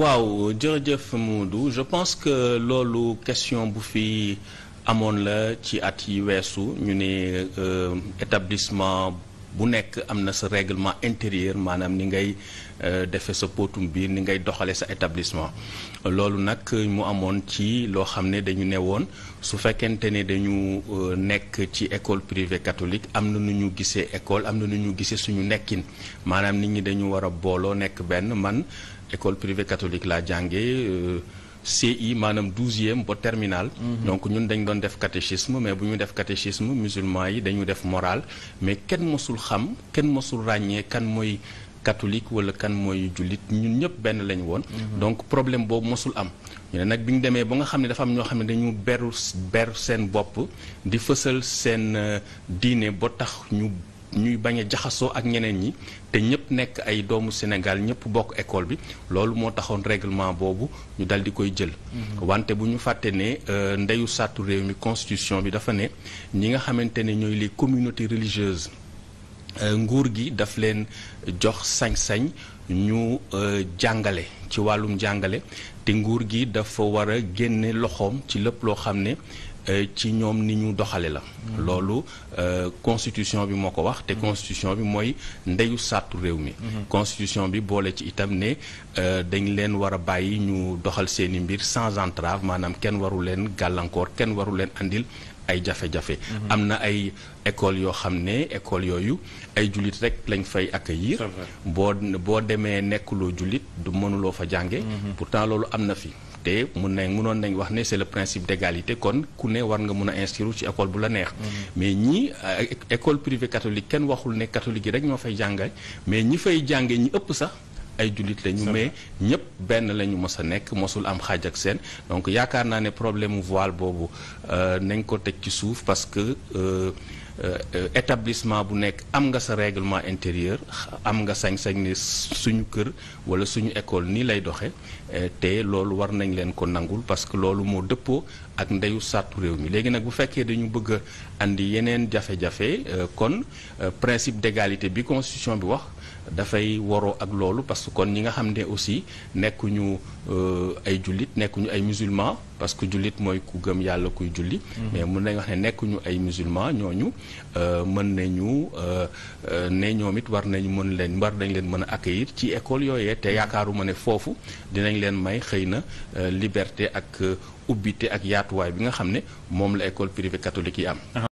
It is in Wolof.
waaw jërëjëf du je pense que loolu question bu fi amoon la ci at yi weesu ñu ne euh, établissement. bu nekk am na sa règlement intérieur maanaam ni ngay euh, defe sa potum biir ni ngay doxalee sa établissement loolu nag mu amoon ci loo xam ne dañu ne woon su fekkente ne dañu euh, nekk ci école privée catholique am na nu ñu gisee école am na nu ñu gisee suñu nekkin maanaam nit ñi dañu war a booloo nekk benn man école privée catholique laa jànge euh, CI maanaam douzième bo terminal mhm. donc ñun dañ doon def catéchisme mais bu ñu def catéchisme musulman yi dañu def morale mais kenn mosul xam kenn mosul ràññee kan mooy catholique wala kan mooy jullit ñun ñëpp benn lañ woon mhm. donc problème boobu mosul am ñu ne nag bi ñu demee ba nga xam ne dafa am ñoo xam ne dañu beru beru seen bopp di fësal seen euh, diine ba tax ñu ñuy bañ a jaxasoo ak ñeneen ñi te ñëpp nekk ay doomu Sénégal ñëpp bokk école bi loolu moo taxoon règlement boobu ñu dal di koy jël. Mm-hmm. wante bu ñu fàtte ne euh, ndeyu sàttu réew mi constitution bi dafa ne ñi nga xamante ne ñooy les communauté religieuses euh, nguur gi daf leen jox sañ-sañ ñu euh, jàngale ci wàllum jàngale te nguur gi dafa war a génne loxoom ci lépp loo xam ne. Euh, ci ñoom ni ñu doxale la mm-hmm. loolu euh, constitution bi moo ko wax te mm-hmm. constitution bi mooy ndeyu sàttu réew mi mm-hmm. constitution bi boole ci itam ne euh, dañ leen war a bàyyi ñu doxal seeni mbir sans entrave maanaam kenn waru leen gàllankoor kenn waru leen andil ay jafe-jafe am na ay école yoo xam ne école yooyu ay jullit rek lañ fay accueillir boo boo demee nekkuloo julit du mënuloo fa jànge pourtant loolu am na fi te mun nañ munoon nañ wax ne c'est le principe d'égalité kon ku ne war nga mun a inscrire ci école bu la neex. Mm-hmm. mais ñi euh, école privée catholique kenn waxul ne catholique yi rek ñoo fay jàngale mais ñi fay jànge ñi ëpp sax. ay jullit lañu mais ñëpp benn lañu mos a nekk mosul am xaaj ak seen donc yaakaar naa ne problème voile boobu euh, nañ ko teg ci suuf parce que. Euh, Euh, établissement bu nekk am nga sa règlement intérieur am nga sañ-sañ ni suñu kër wala suñu école nii lay doxe euh, te loolu war nañ leen ko nangul parce que loolu moo dëppoo ak ndeyu sàrtu réew mi léegi nag bu fekkee dañu bëgg a andi yeneen jafe-jafe euh, kon principe d'égalité bi constitution bi wax dafay waroo ak loolu parce que kon ñi nga xam ne aussi nekkuñu ay jullit nekkuñu ay musulman parce que jullit mooy ku gëm yàlla kuy julli. Mhm. mais mun nañ wax ne nekkuñu ay musulman ñooñu euh, mën nañu euh, ne ñoom it war nañu mën leen war nañ leen mën a accueillir ci école yooyee te mhm. yaakaaruma ne foofu dinañ leen may xëy na euh, liberté ak ubbite ak yaatuwaay bi nga xam ne moom la école privée catholique yi am.